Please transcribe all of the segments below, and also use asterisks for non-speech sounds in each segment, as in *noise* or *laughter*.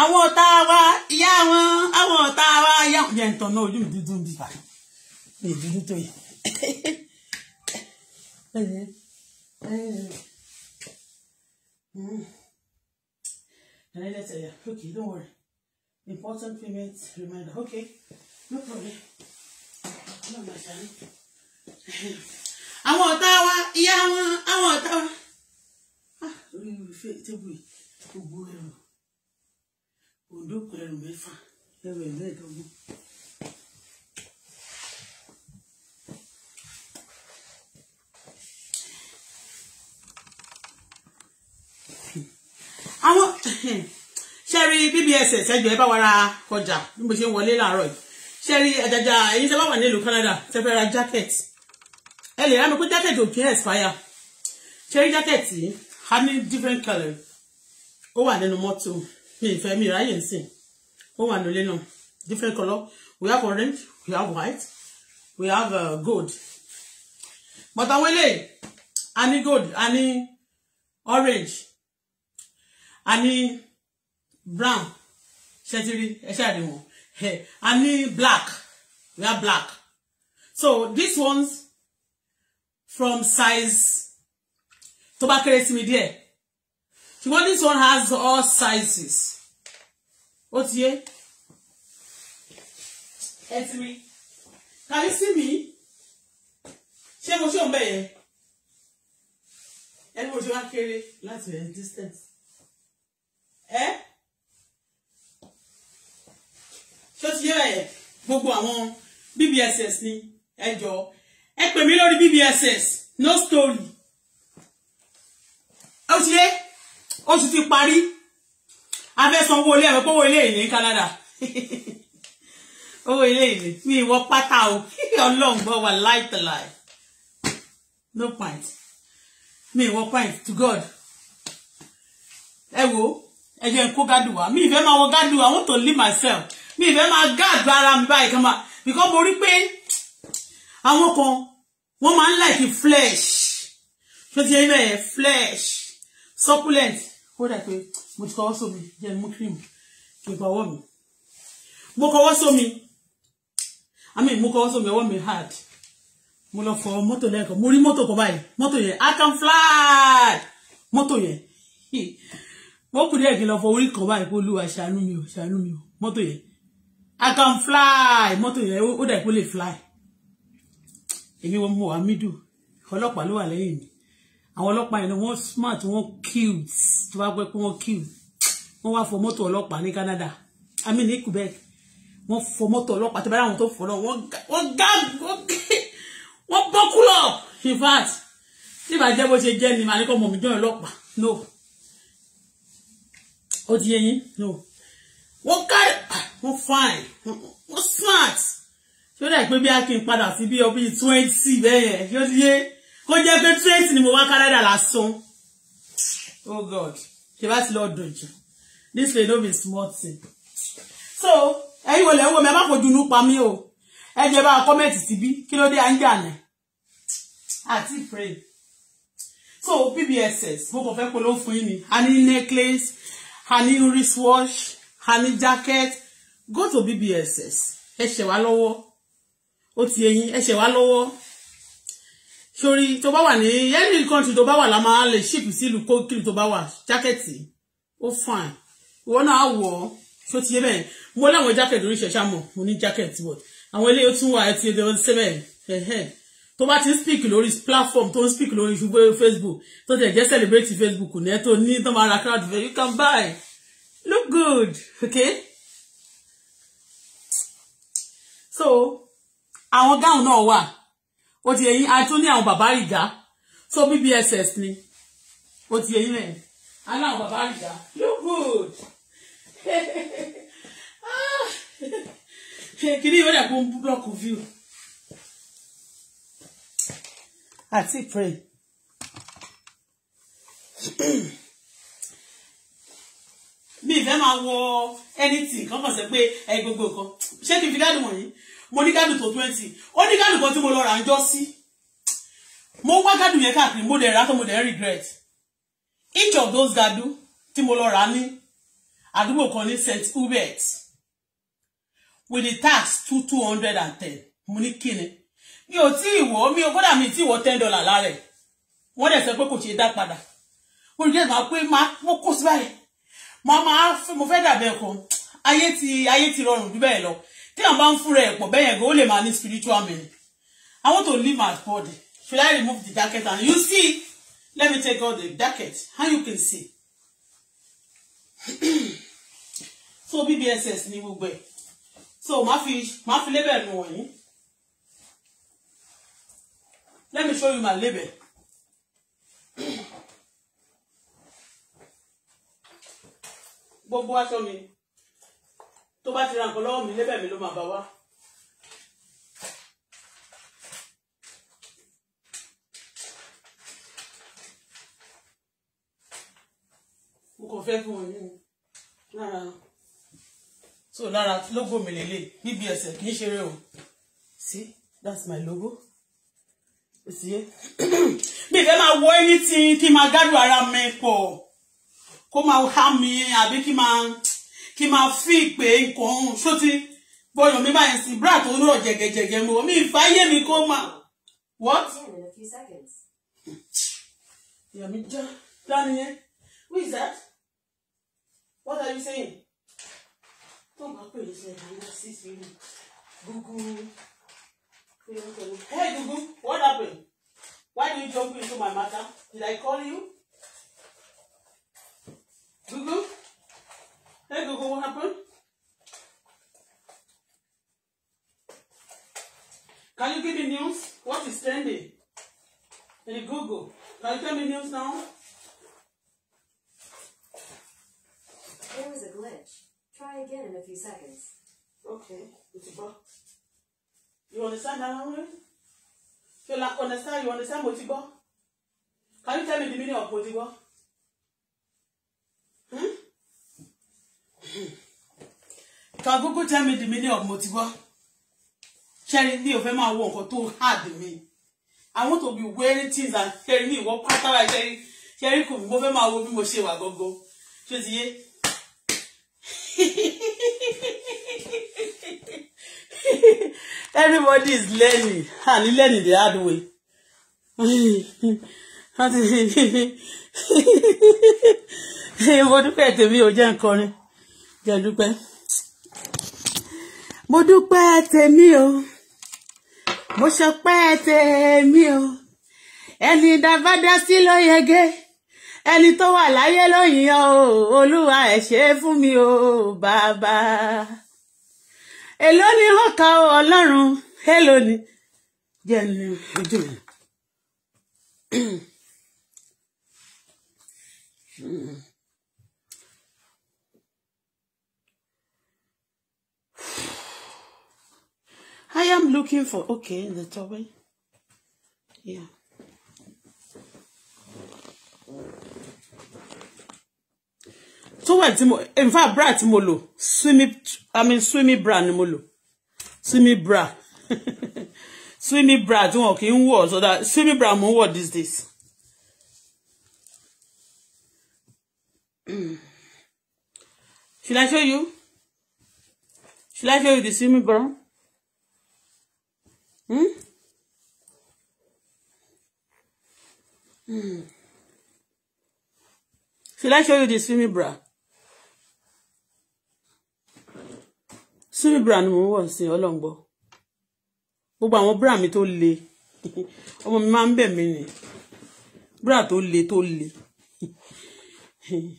àwọn ọ̀tá wa ìyá wọn àwọn ọ̀tá wa ìyá wọn yẹn tán náà ojú mi dúdú bí pa mi dúdú tó yẹ. And then later, yeah, okay, don't worry. Important payment reminder. Okay, no problem. No, my son. *laughs* Àwọn ọ̀tá wa, ìyá wọn, àwọn ọ̀tá wa. Ah, orí mi fẹ́ tébù yìí, gbogbo òǹdó kù ẹrù mẹ́fà ẹrù ẹ̀mẹ́ẹ̀dọ́gbọ̀n. àwọn *laughs* ṣe rí bbss ẹjọ ẹ bá wa ra ọjà bí mo ṣe ń wọlé láàárọ̀ yìí ṣe rí ẹ̀yin tẹ́ bá wà nílùú Canada tẹ́ fẹ́ ra jacket ẹ lè rámi pé jacket ò kí ẹ expire ṣe rí jacket yìí a ní different colour ó wà nínú mọ́tò mi ìfẹ́ mi ráyè ń sìn ó wà nílé náà different color. we have orange we have white we have uh, gold but àwọn eléyìí a ní gold a ní orange a ní brown ṣẹtiri ẹṣẹ àdìwọ̀n a ní black we have black so these ones from size tó bá kéré sí mi díẹ̀ ṣùgbọ́n this one has all sizes What's here? yé me. can you see me She mo ṣe òun bẹ́ẹ̀ yẹn ẹni mo ṣe wá kéré distance Eh? ṣé here? ti yé bẹ́ẹ̀ yẹn gbogbo àwọn bbss ni ẹ jọ ẹ pè mí bbss no story ó here? oṣù ti parí a fẹ́ san owó ilé ẹ̀rọ pé owó ilé ìní Canada *laughs* owó ilé ìní mi ìwọ pátá o *laughs* ọlọ́run gbọ́ wà láìtàláì no point mi ìwọ point to God ẹ wo ẹ jẹ́ kó gádùn wá mi ìfẹ́ máa wọ gádùn wá I want to live myself mi ìfẹ́ máa gáàdù ara mi báyìí kan máa because mo rí pé àwọn kan wọ́n máa ń like flesh ṣé ti yẹn náà yẹ flesh succulent ó dà pé mo ti kọwọ́ sómi jẹ́ mú cream kí n pa ọwọ́ mi mo kọwọ́ sómi i mean mo kọwọ́ sómi ọwọ́ mi hard mo lọ fọ mọ́tò lẹ́ẹ̀kan mo rí mọ́tò kan báyìí mọ́tò yẹn i can fly mọ́tò yẹn wọ́n kù díẹ̀ kí n lọ fọ orí kan báyìí kó lù wá ṣàánú mi o ṣàánú mi o mọ́tò yẹn i can fly mọ́tò yẹn ó dà pé ó lè fly èmi wọn mo wà mídù ọlọ́pàá ló wà lẹ́yìn mi àwọn ọlọ́pàá yẹn wọ́n smart wọ́n cute tó bá pẹ́ pé wọ́n cute wọ́n wá fọ mọ́tò ọlọ́pàá ní Canada I mean ní Quebec wọ́n fọ mọ́tò ọlọ́pàá tó bá dáhùn tó fọ́ náà wọ́n gá wọ́n bọ́kú lọ in fact tí ìbá jẹ́ bó ṣe jẹ́ ni màálíkọ́ mọ̀mí jọ́ ọlọ́pàá no ó ti yé yín no wọ́n kárí ah, wọ́n fine wọ́n smart ṣé ó dà pé bí a kì í padà sí bí ọbí twenty bẹ́ẹ̀ yẹn yóò ti yé kó jẹ́ pé tracy ni mo wá Canada lásán oh god ṣe bá ti lọ dòjò this way no be smart thing so ẹ̀yin wọlé wo mi ẹ má fojú inú pa mí o ẹ jẹ́ bá kọ́mẹ̀tì síbí kí ló dé à ń jà náà àti pray so bbss mo kàn fẹ́ polówó fún yín ni a ní necklace a wristwatch a jacket go to bbss ẹ ṣẹ̀ wá lọ́wọ́ ó ti eyín ẹ ṣẹ̀ wá lọ́wọ́ sórí tó bá wà ní any country tó bá wà la máa lè ship sílùú kókìlì tó bá wà jákẹ́ẹ̀tì ó fine ìwọ náà á wọ̀ ọ́ tó ti yé bẹ́ẹ̀ mo láwọn jákẹ́ẹ̀tì oríṣiríṣi mọ̀ mo ní jákẹ́ẹ̀tì wọ̀ àwọn eléyìí ó tún wà ẹ̀ ti ẹ̀ bẹ́ẹ̀ sẹ́bẹ̀ ẹ̀hẹ́ tó bá ti ń speak lórí platform tó ń speak lórí facebook tó tẹ̀ jẹ́ celebrate facebook ní ẹ̀ tó ní tó máa ra crowd you can buy look good okay so àwọn gáwọn náà wà ó ti yẹyìn àti ó ní àwọn bàbá ìjà so bbss ni ó ti yẹyìn rẹ aláwọn bàbá ìjà look good kìíní ìwé dàgbò ń block view àti pray. *clears throat* mi ìfẹ́ máa wọ anything kan kàn sẹ́ pé ẹ gbogbo nǹkan ṣé kí n fi dáàdì wọ̀nyí mo ní gádùn tó twenty ó ní gádùn kan tí mo lọ rà ń jọ sí mo wá gádùn yẹn káàkiri mo dẹ̀ rà tó mo dẹ̀ regret each of those gádùn tí mo lọ rà ní àdúgbò kan ní st hubert with the tax two two hundred and ten mo ní kíni mi ò tí ì wọ́ mi ò kódà mi tí ì ten dollar lára ẹ̀ wọ́n dẹ̀ sọ pé kò ṣe é dá padà mo rí ẹ̀ka pé máa mo kó sí báyìí máa máa mo fẹ́ dàbẹ̀ kan ayé ti ayé ti rọrùn jù bẹ́ẹ̀ lọ téèyàn bá ń fúnra ẹ̀ pọ̀ bẹ́ẹ̀ yẹn gan ó lè máa ní spiritual meaning I want to leave my body should I remove the jacket and you see let me take out the jacket how you can see *clears throat* so BBSS ni gbogbo ẹ̀ so màá fi màá fi label nu wọ̀nyí let me show you my label. *clears throat* gbogbo aṣọ mi tó bá ti ra nǹkan lọ́wọ́ mi lébẹ̀ mi ló máa bá wá. mo kàn fẹ́ fún wọn lára so lára logo mi lè lè níbi ẹsẹ̀ kì í ṣeré o see that's my logo o sì yẹ *clears throat* mi ìfẹ́ máa wọ anything kí n máa gbádùn ara mi pọ̀ kó máa há mi àbí kí n máa kí máa fi ìpè nǹkan ṣótí bọyàn mi máa ń bra tó ń jẹgẹjẹgẹ mo mi ìfáyé mi kó máa what. ìyá mi já dání yẹn who is that what are you saying tó máa pè é ṣe ìdáná sí ìṣirò gúgú hey gúgú what happen why do you jump into my matter did I call you Google. Hey Google, what happened? Can you give me news? What is trending? Hey Google, can you tell me news now? There was a glitch. Try again in a few seconds. Okay, it's a You understand that language? You like understand? You understand Motibo? Can you tell me the meaning of Motibo? Can Google tell me the meaning of motiwa? Sherry, me ò fẹ́ máa wo nǹkan tó hard Me, I want to be wearing things and Sherry me what part Sherry. Sherry kò mo fẹ́ máa wo bí mo ṣe wà gógó. Ṣé ti yé? Everybody is learning. And learning the hard way. Mo dúpẹ́ tèmi ò jẹ́ nǹkan ni. Jẹ́ dúpẹ́ mo dúpẹ́ tèmi o mo ṣọpẹ́ tèmi o ẹni dábàdá sí ló yege ẹni tó wà láyé ló o olúwa ẹ ṣe fún mi o bàbá èló ni ó ka o ọlọ́run èló ni jẹ́nu ojú mi. Mm-hmm. *clears throat* I am looking for okay the towel. Yeah. So what? mo in fact bra tí mo I mean swimmy bra molo. Swimmy bra *laughs* Swimmy bra tí wọn kì í so that swimmy bra mo ń wọ̀ these Should I show you? Should I show you the swimmy bra? Hmm? Hmm. Should I show you the swimming bra? Swimming bra no one ń wọ̀ long ọlọ́ngbọ́. Gbogbo my bra mi tó le. *laughs* Ọmọ mi máa ń bẹ̀ Bra tó le tó le. *laughs*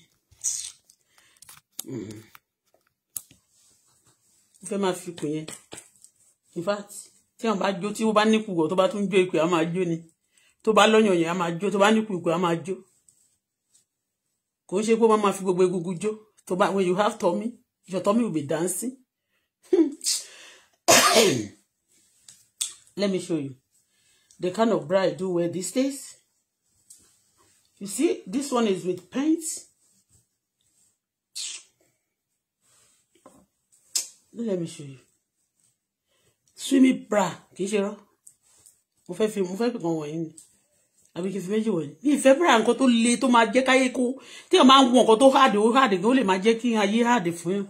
Hmm. Mo fẹ́ máa fi kùn In fact, tí wọn bá jó tí wọn bá nípò wọ tó bá tún jó ìpè á máa jó ni tó bá lọ́yàn yẹn á máa jó tó bá nípò ìpè á máa jó kò ń ṣe pé wọn máa fi gbogbo egungun jó tó bá when you have tummy your tummy will be dancing *coughs* let me show you the kind of bride do wear these days you see this one is with paint. Let me show you. Swimmy bra kì í ṣe rọ mo fẹ́ fi mo fẹ́ fi kan wọ̀nyí ni àbí kí n fi méjì wọ̀nyí ní ìfẹ́ bra nǹkan tó le tó máa jẹ́ káyé kó tí wọ́n máa ń wọ nǹkan tó háàdì ó háàdì ó lè máa jẹ́ kí ayé háàdì fún yàn.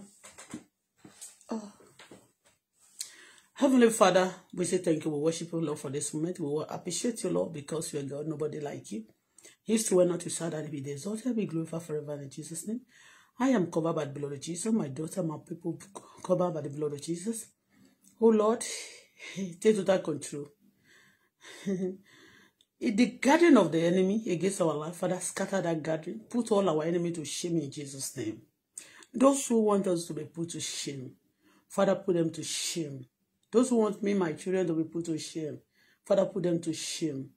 Ah. Heavenly Father, we say thank you. We worship you, Lord, for this moment. We will appreciate you, Lord, because you are God, nobody like you. You still were not to sad and be the exalted, be glorified forever in Jesus' name. I am covered by the blood of Jesus. My daughter, my people, covered by the blood of Jesus. Oh Lord, *laughs* take total control. *laughs* In the garden of the enemy against our life, Father, scatter that garden. Put all our enemy to shame in Jesus' name. Those who want us to be put to shame, Father, put them to shame. Those who want me, my children, to be put to shame, Father, put them to shame.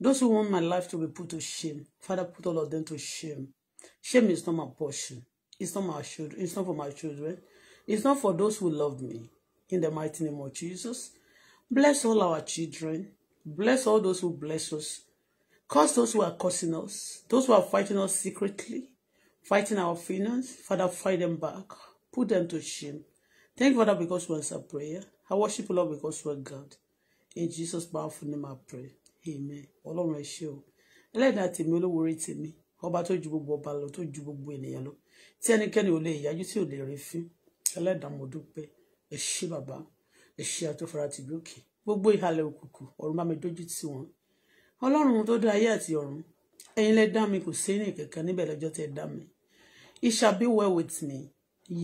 Those who want my life to be put to shame, Father, put all of them to shame. Shame is not my portion. It's not my children. It's not for my children. It's not for those who love me in the mighty name of Jesus. Bless all our children. Bless all those who bless us. Curse those who are cursing us. Those who are fighting us secretly, fighting our finance. Father, fight them back. Put them to shame. Thank you, Father, because we answer prayer. I worship you, Lord, because you are God. In Jesus' powerful name I pray. Amen. Ọlọ́run ẹ ṣé o. Ẹlẹ́dàá tèmi olówórí tèmi. Ọba to ju gbogbo ọba lọ tó ju gbogbo ènìyàn lọ. Tí ẹnikẹ́ni ò lè You see, ò lè rí fín. Ẹlẹ́dàá mo dúpẹ́ ẹ bàbá ẹ ṣé tìbí òkè gbogbo ìhàlẹ̀ òkùnkùn ọ̀run bá mi dójú tì wọ́n ọlọ́run tó dá ayé àti ọ̀run ẹ̀yin lẹ dá mi kò séyìn kankan níbẹ̀ lọ́jọ́ tẹ́ dá mi it shall be well with me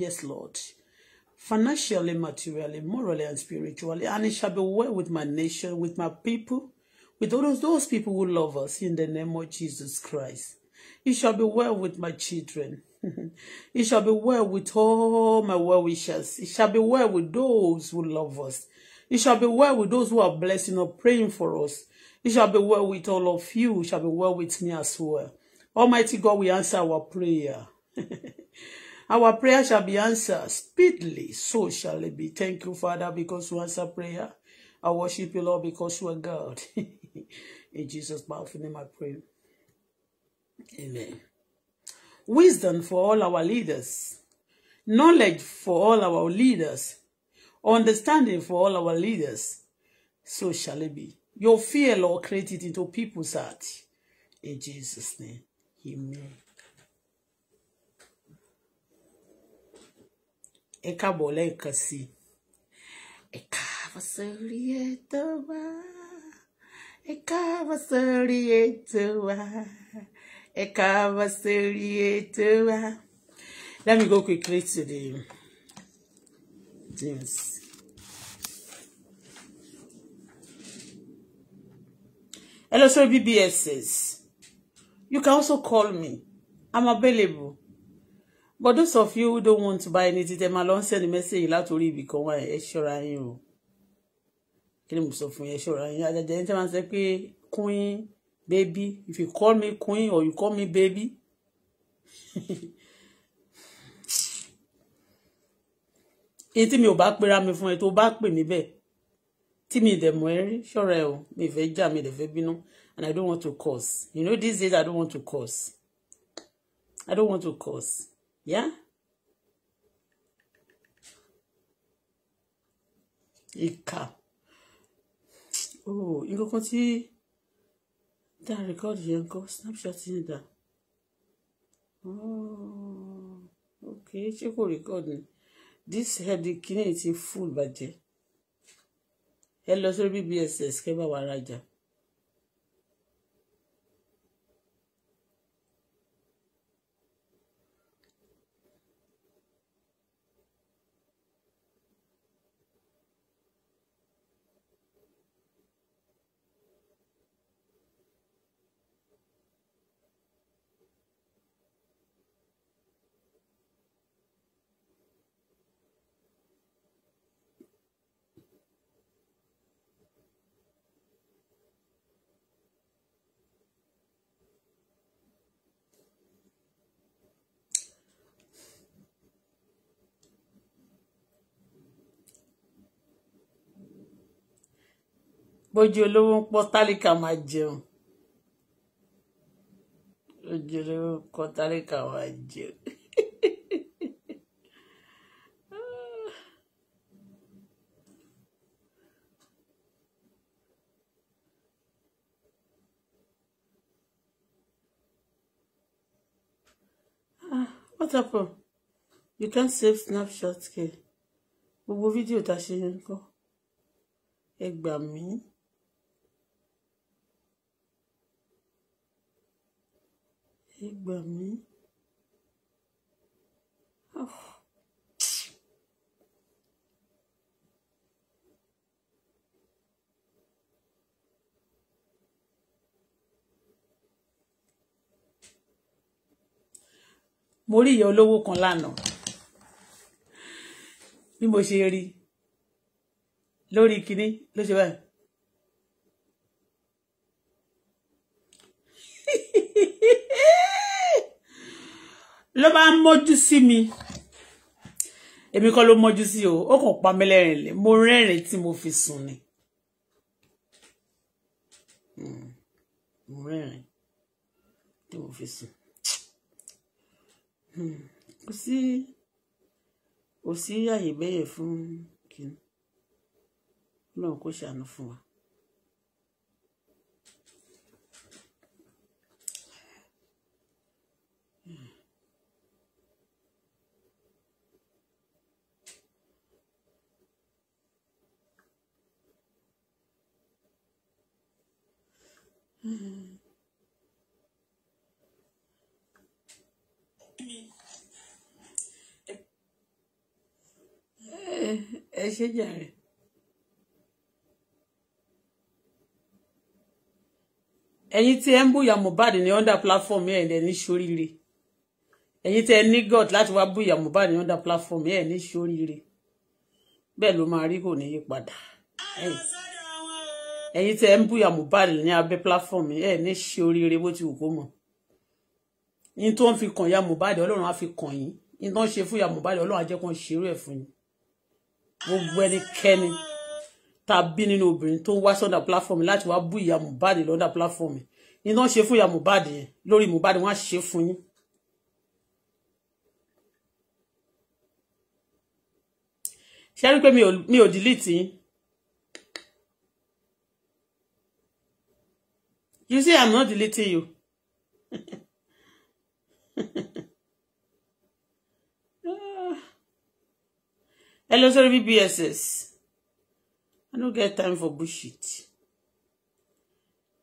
yes lord financially materially morally and spiritually and it shall be well with my nation with my people with all those, those people who love us in the name of jesus christ it shall be well with my children *laughs* it shall be well with all my well wishers. It shall be well with those who love us. It shall be well with those who are blessing or praying for us. It shall be well with all of you. It shall be well with me as well. Almighty God, we answer our prayer. *laughs* Our prayer shall be answered speedily, so shall it be. Thank you, Father, because you answer prayer. I worship you, Lord, because you are God. *laughs* In Jesus' powerful name I pray. Amen wisdom for all our leaders, knowledge for all our leaders, understanding for all our leaders. So shall it be. Your fear, Lord, create it into people's heart. In Jesus' name, amen. Ẹ káàbọ̀ lẹ́ẹ̀kan sí i. Ẹ káàbọ̀ sórí ètò ẹ káàbọ̀ sórí let me go quickly to the things. hello sorry bbss you can also call me i'm available but those of you who don't want to buy anything dem ma lọ send message látòrí ibì kan wá ẹ ṣọ́ra yín o kí ni mo sọ fún yín ẹ ṣọ́ra yín ajajà yín tẹ́ máa queen baby if you call me queen or you call me baby *laughs* èyí tí mi ò bá pera mi fún ẹ tó bá pè mí bẹ́ẹ̀ tí mi ìdẹ̀mọ̀ ẹ rí ṣọ́ra ẹ o mi ìfẹ́ jà mi ìdẹ̀fẹ́ bínú and I don't want to curse you know these days I don't want to curse I don't want to curse yeah. ìkà oh you go tí dá rẹkọọdù yẹn kọ snapchat yẹn Oh, okay. ṣé kò recording. ni this head kìnìún ti full bàjẹ́ ẹ lọ sórí bbss Keba Waraja? bójú olówó ń pọ́ tálíkà máa jẹun bójú olówó ń pọ́ tálíkà máa jẹun. Ah, what happened? You can save snapshot, kid. Gbogbo fídíò tá a ṣe yẹn kọ́. Ẹ gbà mí. ẹ gbà mí. Ah. mo rí ìyá olówó kan lánàá bí mo ṣe rí lórí kinní ló ṣe báyìí ló bá ń mójú sí mi èmi kọ́ ló mójú sí o ó kàn pa mí lẹ́rìn mo rẹ́rìn tí mo fi sùn ni hmm. mo rẹ́rìn tí mo fi sùn hmm. kò sí kò sí àyè bẹ́yẹ̀ fún kí náà kó ṣàánú fún wa. ẹ ṣe jàre. ẹ̀yin tí ẹ ń bùyà Mohbad ní under platform ẹ̀ ẹ̀ ní ṣoríire ẹ̀yin tí ẹ ní God láti wá bùyà Mohbad ní under platform ẹ̀ ní ṣoríire bẹ́ẹ̀ ló máa rí kò ní yí padà ẹ̀yin tẹ́ ń búyà Mohbad ní abẹ́ platform ẹ̀ ní ṣe oríire bó ti wù kó mọ̀ yín tó ń fi kàn ya Mohbad ọlọ́run á fi kàn yín yín tó ń ṣe fún ya Mohbad ọlọ́run á jẹ́ kàn ṣerú ẹ̀ fún yín gbogbo ẹnikẹ́ni tá a bí nínú obìnrin tó ń wá sọ́dà platform láti wá bú ìyá Mohbad lọ́dà platform yín tó ń ṣe fún ìyá yẹn lórí Mohbad wọ́n á ṣe fún yín. ṣé rí pé mi ò delete yín You see, I'm not deleting you. *laughs* Hello, sorry, BBSS. I don't get time for bullshit.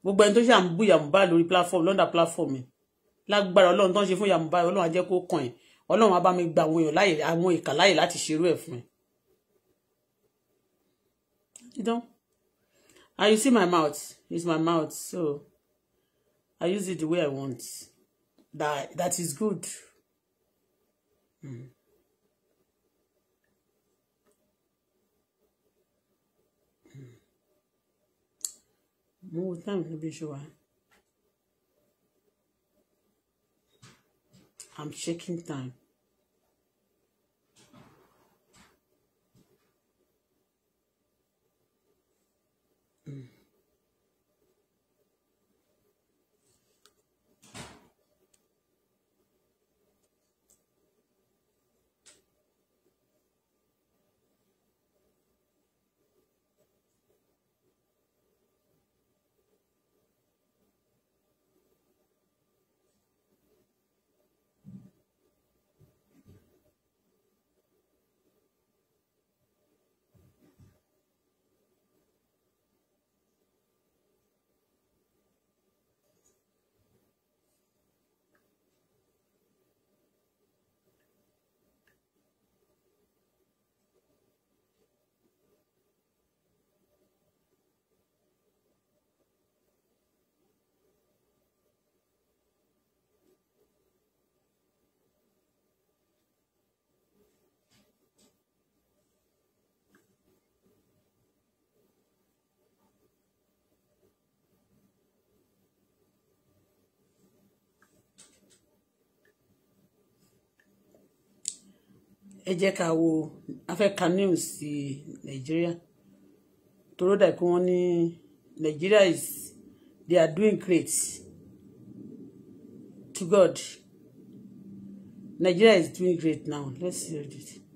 Gbogbo ẹni tó ṣe à ń bú Yàmùbá lórí platform lọ́ndà platform mi. Lágbára Ọlọ́run tó ń ṣe fún Yàmùbá Ọlọ́run á jẹ́ kó kàn ẹ́. Ọlọ́run á bá mi gba àwọn èèyàn láyè àwọn ìkà láyè láti ṣerú ẹ̀ fún ẹ. You know? And ah, you see my mouth. It's my mouth, so. I use it the way I want. That that is good. Mm. mo hmm. hmm. time to be sure. I'm checking time. ẹ jẹ́ ká wo afẹ́ka news sí nàìjíríà tóró dà pé wọ́n ní nàìjíríà is they are doing great to God nàìjíríà is doing great now let's see what it is.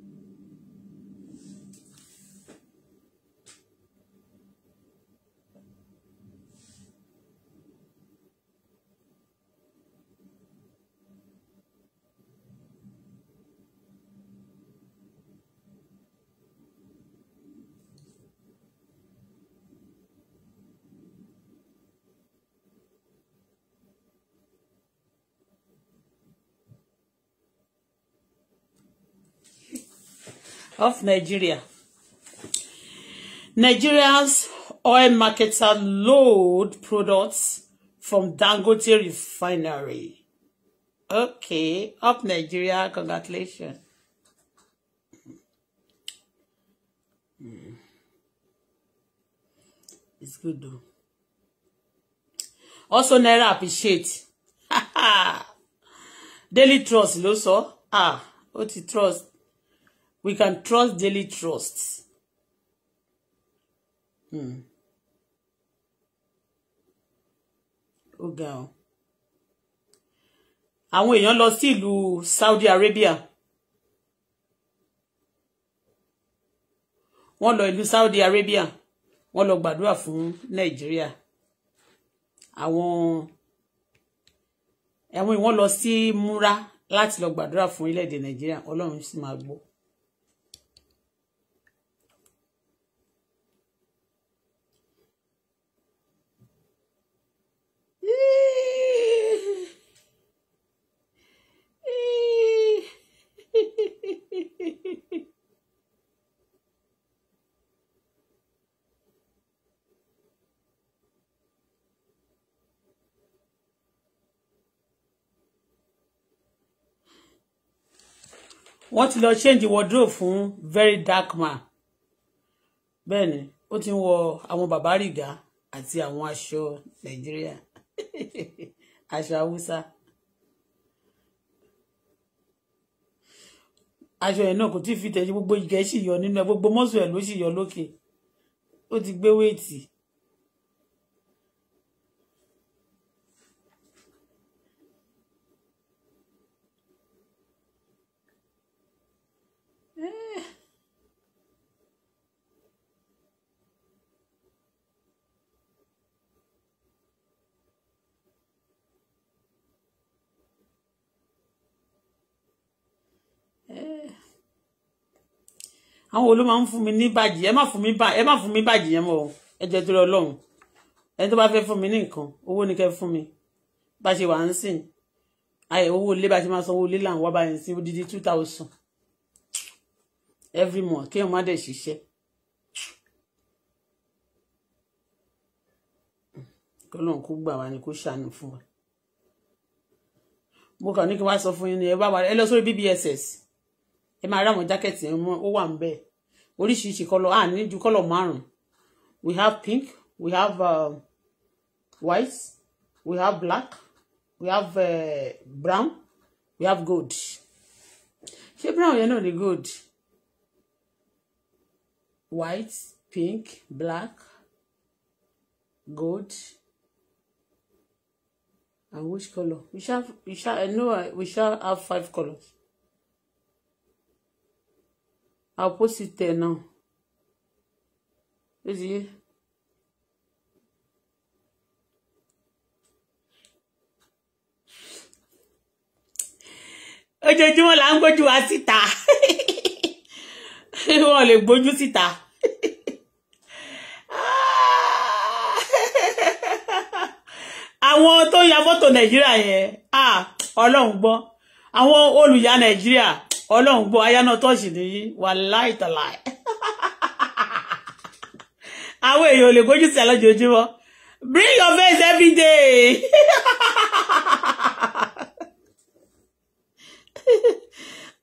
of Nigeria. Nigeria's oil marketer load products from Dangote refinery. Okay, of Nigeria, congratulations. Hmm. It's good though. Also, Naira appreciate. *laughs* Daily Trust ló sọ. Ah, ó ti trust we can trust daily trust. Hmm. ó ga ọ àwọn èèyàn lọ sí ìlú Saudi Arabia wọ́n lọ ìlú Saudi Arabia wọ́n lọ gbàdúrà fún Nàìjíríà àwọn ẹwọn wọ́n lọ sí múra láti lọ gbàdúrà fún ilẹ̀ èdè Nàìjíríà Ọlọ́run sì máa gbọ́. wọ́n ti lọ change wardrobe fún very dark man bẹ́ẹ̀ ni ó ti ń wọ àwọn bàbá rìgá àti àwọn aṣọ nàìjíríà *laughs* aṣọ haúsá aṣọ yẹn náà kò tí ì fi tẹ̀sí gbogbo gẹ̀ẹ́sì yọ nínú ẹ gbogbo mọ́sùn ẹ̀ ló sì yọ lókè ó ti gbé wéètì àwọn wo ló máa ń fún mi ní bàjì ẹ má fún mi bàjì ẹ má fún mi bàjì yẹn mọ́ ẹ jẹ́ torí Ọlọ́run ẹni tó bá fẹ́ fún mi ní nǹkan owó ni kẹ́ fún mi bá ṣe wà ń sìn ayẹ owó ilé bá ṣe máa sanwó ilé là ń wá báyìí sí odidi two thousand every month kí èèyàn má dẹ̀ ṣiṣẹ́. kọlọ́n kó gbà wá ni kó ṣàánú fún wa mo kàn ní kí wá sọ fún yín ni ẹ bá wà ẹ lọ sórí bbss ẹ máa rí àwọn jákẹ́ẹ̀tì yẹn ó wà ń bẹ̀ oríṣiríṣi kọ́lọ̀ à ah, ní ju color? márùn we have pink we have uh, white we have black we have uh, brown we have gold ṣé brown yẹn náà ni good. white pink black gold and which color? we shall we shall i know uh, we shall have five colors àpòsìtẹ náà ó ti yé. ojoojúmọ́ là ń gbójú wa síta *laughs* wọn lè gbójú síta. *laughs* àwọn tó ya fọ́tò nàìjíríà yẹn ọlọ́run gbọ́ àwọn olùyà nàìjíríà ọlọ́run gbọ́ aya náà tọ́ọ̀ṣì nìyí wà láì tàlà àwọn èèyàn ò lè gbójú sí alójoojúmọ́ bring your face every day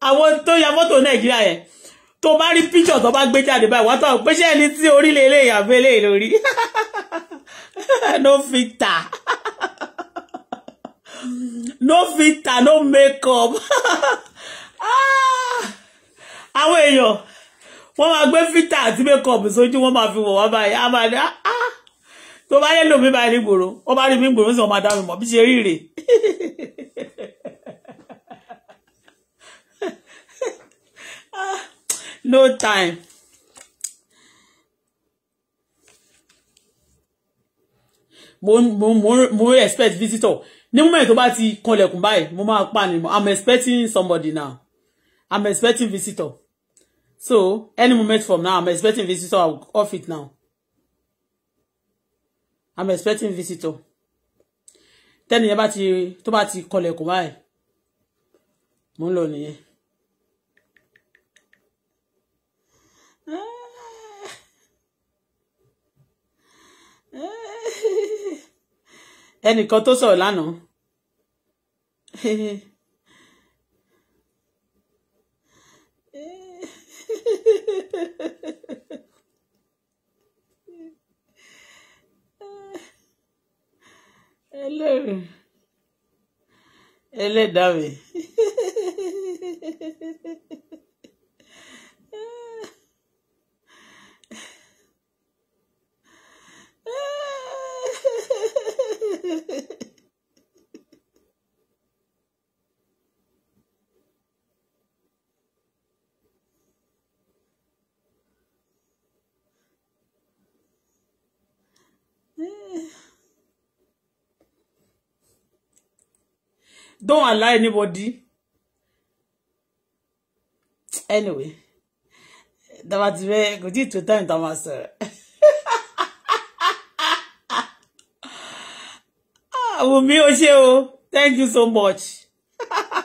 àwọn tó ya mọ́tò nàìjíríà yẹn tó bá rí píṣọ̀ tó bá gbé jáde báyìí wọ́n tọ̀ pé ṣé ẹni tí orílẹ̀ eléyìí àbẹ́ lórí *laughs* *laughs* no filter no filter no make up. *laughs* àwọn èèyàn wọ́n máa gbé fítà àti makeup sójú wọ́n máa fi wọ̀ wá báyìí á máa ní á ah, ah. tó bá yẹ lómi báyìí nígboro wọ́n bá rí mi gbòòrò sí wọ́n máa dá mi mọ̀ bí ṣe rí rè *laughs* no time. mo mo mo mo expect visitor ní moment tó bá ti kanlẹ̀kùn báyìí mo máa pa ni mo i'm expecting somebody now i'm expecting visitor So any moment from now, I'm expecting visitor. I'll off it now. I'm expecting visitor. Tẹ́ni yẹn about ti tó bá ti kọlẹ̀kùn báyìí. Mo ń lọ nìyẹn. Ẹnìkan tó sọ̀rọ̀ *laughs* ẹlẹ́rìí ẹlẹ́dàá mi *laughs* Don't allow anybody. Anyway, that was very good. It's time to answer. Wumi Osheo, thank you so much. *laughs*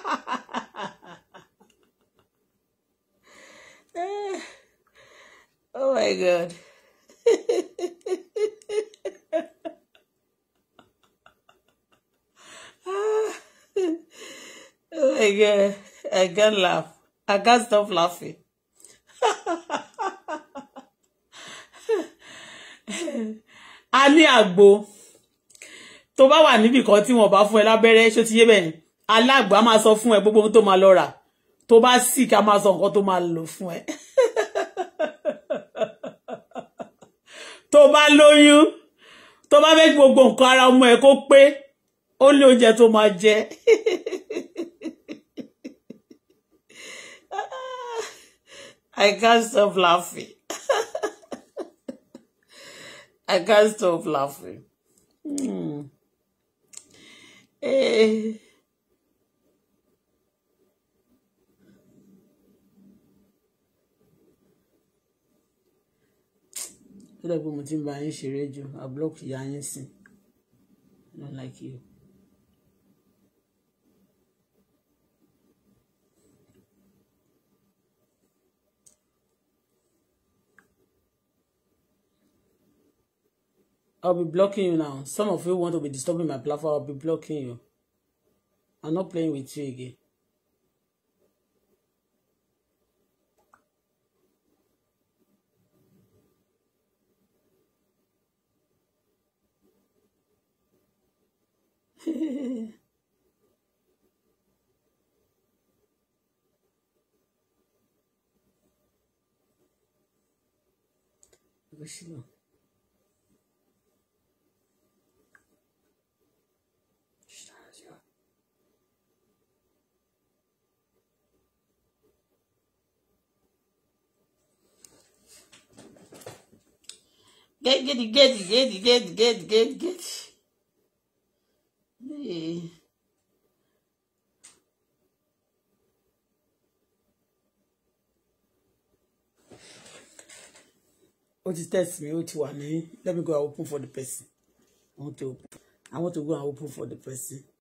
Oh my God. *laughs* ah. Again, again, laugh. I can't stop laughing. a ní àgbo tó bá wà níbì kan tí wọn bá fún ẹ lábẹ́rẹ́ ṣó ti yé bẹ́ẹ̀ aláàgbà máa sọ fún ẹ gbogbo ohun tó máa lọ rà tó bá sì ká máa sọ nǹkan tó máa lò fún ẹ tó bá lóyún tó bá fẹ́ gbogbo nǹkan ara ọmọ ẹ kó pé ó lé oúnjẹ tó máa jẹ I can't stop laughing I can't stop laughing. Hmm. Eh. tó dẹ̀ pé mo ti ń bá yín ṣeré jù i block ìyá yín sìn i don't like you. I'll be blocking you now. Some of you want to be disturbing my platform. I'll be blocking you. I'm not playing with you again. Vacilão. Get get get get get get get. gidi. ó ti text me ó ti wà ní let me go and open for the person i want to i want to go and open for the person